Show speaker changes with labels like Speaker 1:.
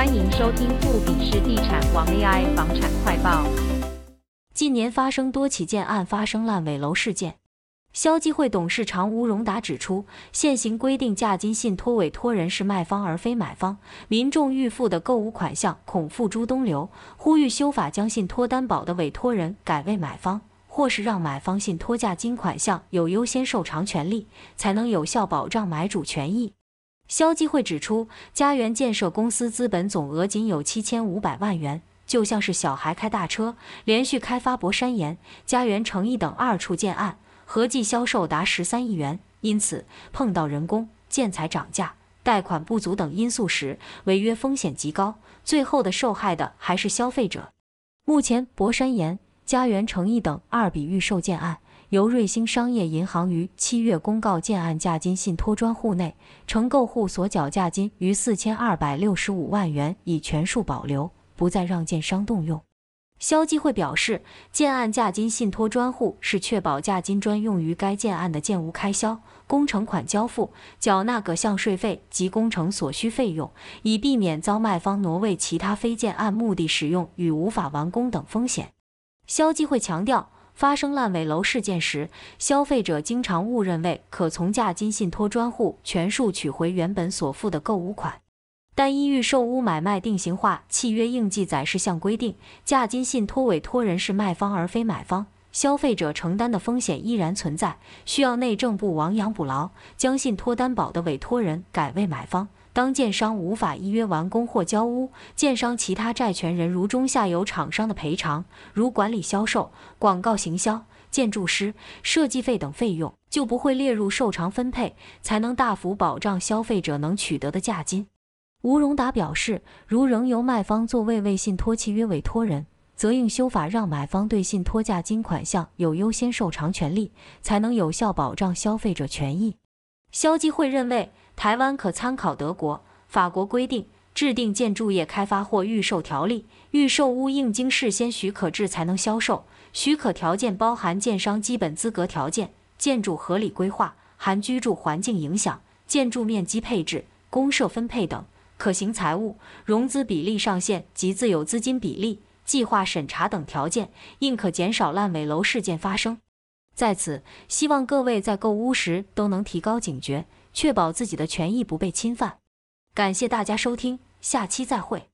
Speaker 1: 歡迎收聽富比士地產王 AI 房產快報。近年發生多起建案發生爛尾樓事件，消基會董事長吳榮達指出，現行規定價金信託委託人是賣方而非買方，民眾預付的購物款項恐付諸東流，呼籲修法將信託擔保的委託人改為買方，或是讓買方信託價金款項有優先受償權利，才能有效保障買主權益。消基會指出，嘉源建設公司資本總額僅有七千五百萬元，就像是小孩開大車，連續開發博山岩、嘉園城邑等二處建案，合計銷售達十三億元。因此，碰到人工、建材漲價、貸款不足等因素時，違約風險極高，最後的受害的還是消費者。目前，博山岩、嘉園城邑等二筆預售建案，由瑞興商業銀行於七月公告建案價金信託專戶內，承購戶所繳價金逾四千二百六十五萬元已全數保留，不再讓建商動用。消基會表示，建案價金信託專戶是確保價金專用於該建案的建屋開銷、工程款交付、繳納各項稅費及工程所需費用，以避免遭賣方挪為其他非建案目的使用與無法完工等風險。消基會強調。發生爛尾樓事件時，消費者經常誤認為可從價金信託專戶全數取回原本所付的購屋款，但依預售屋買賣定型化契約應記載事項規定，價金信託委託人是賣方而非買方，消費者承擔的風險依然存在，需要內政部亡羊補牢，將信託擔保的委託人改為買方。當建商無法依約完工或交屋，建商其他債權人如中下游廠商的賠償，如管理、銷售、廣告、行銷、建築師、設計費等費用，就不會列入受償分配，才能大幅保障消費者能取得的價金。吳榮達表示，如仍由賣方作為位信托契約委托人，則應修法讓買方對信托價金款項有優先受償權利，才能有效保障消費者權益。消基會認為。台灣可參考德國、法國規定，制定建築業開發或預售條例，預售屋應經事先許可制才能銷售。許可條件包含建商基本資格條件、建築合理規劃，含居住環境影響、建築面積配置、公設分配等，可行財務融資比例上限及自有資金比例、計劃審查等條件，應可減少爛尾樓事件發生。在此，希望各位在購屋時都能提高警覺。確保自己的權益不被侵犯。感謝大家收聽，下期再會。